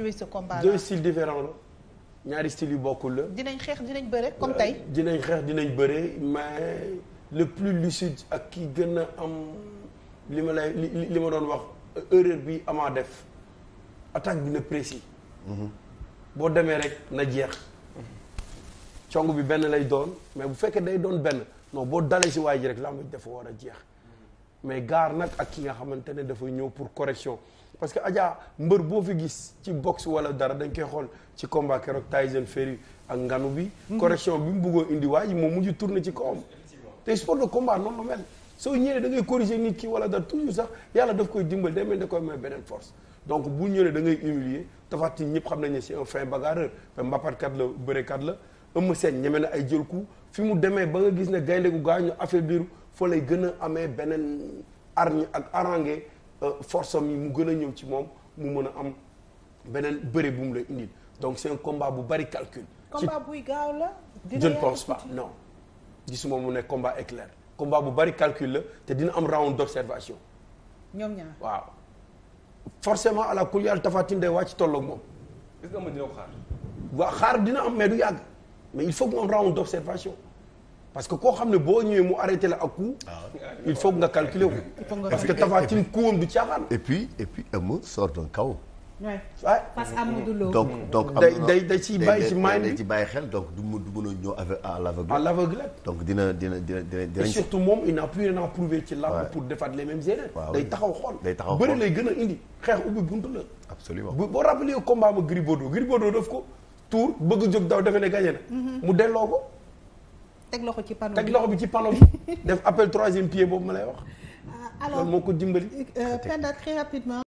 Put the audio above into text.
jouer ce combat là deux styles la ñaari styles yu bokkul la. dinañ xeex dinañ bëre comme euh, tey. dinañ xeex dinañ bëre mais le plus lucide ak ki gën a am li ma lay li ma doon wax erreur bi amaa def attaque bi na précis. Mhm. boo demee rek na jeex. cong bi benn lay doon mais bu fekkee day doon benn non boo dalee si waay ji rek làmb ji dafa war a jeex mais gaar nag ak ki nga xamante ne dafa ñëw pour correction. parce que Adja mbër boo fi gis ci boxe wala dara dañ koy xool ci combat keroog Tyson Fury ak nganu bi. Mhm. correction bi mu bëggoon indi waa ji moom mujj tourné ci kawam. te sport de combat noonu la mel soo ñëwee da ngay corriger nit ki wala dara toujours sax yàlla daf koy dimbali day mel da koy may beneen force. donc bu ñëwee da ngay humilier Tapha Tine ñëpp xam nañ ne c'est un fin bagarreur mbapatkat la bërekat la Eumeu Sène ñeme na ay jël coup fi mu demee ba nga gis ne gaynde gu gaañu affaiblir foo lay gën a amee beneen ak arrangé. Euh, force am yi mu gën a ñëw ci moom mu mën a am beneen bëre bu mu la indil donc c'est un combat bu bari calcul. combat buy gaaw la. je ne pense pas non. gisuma mu nekk combat éclair combat bu bari calcul la te dina am round d'observation. ñoom ñaar waaw. forcément à la kulial Tapha Tine day wàcc tolloog moom. est-ce que am na xaar. dina am mais du yàgg mais il faut que am round d'observation. parce que koo xam ne boo ñëwee mu arrêté la ak coup. Ah. il faut nga calculer wu. parce que Tapha Tine kuwam du caaxaan. et puis et puis Eumeu sort d'un chaos. day day day ciy bàyyi ci maay day ci bàyyi xel donc du mën du mën a ñëw à l'aveugle. à l'aveugle donc dina dina dina dina. et surtout moom il n'a plus rien à prouver ci làmb pour defaat les mêmes erreurs. day taxaw xool day taxaw xool bëri lay gën a indi xeex ubbi buntu la. absolument bu boo rappelé ko tour bëgg jóg daw defe ne gagné na. Mhm. mu delloo ko. teg loxo ci panneau bi bi ci panneau bi def appel troisième pied boobu ma lay wax. Ah, alors loolu moo ko dimbali. Euh, Penda très rapidement.